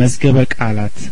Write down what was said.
መዝገበ ቃላት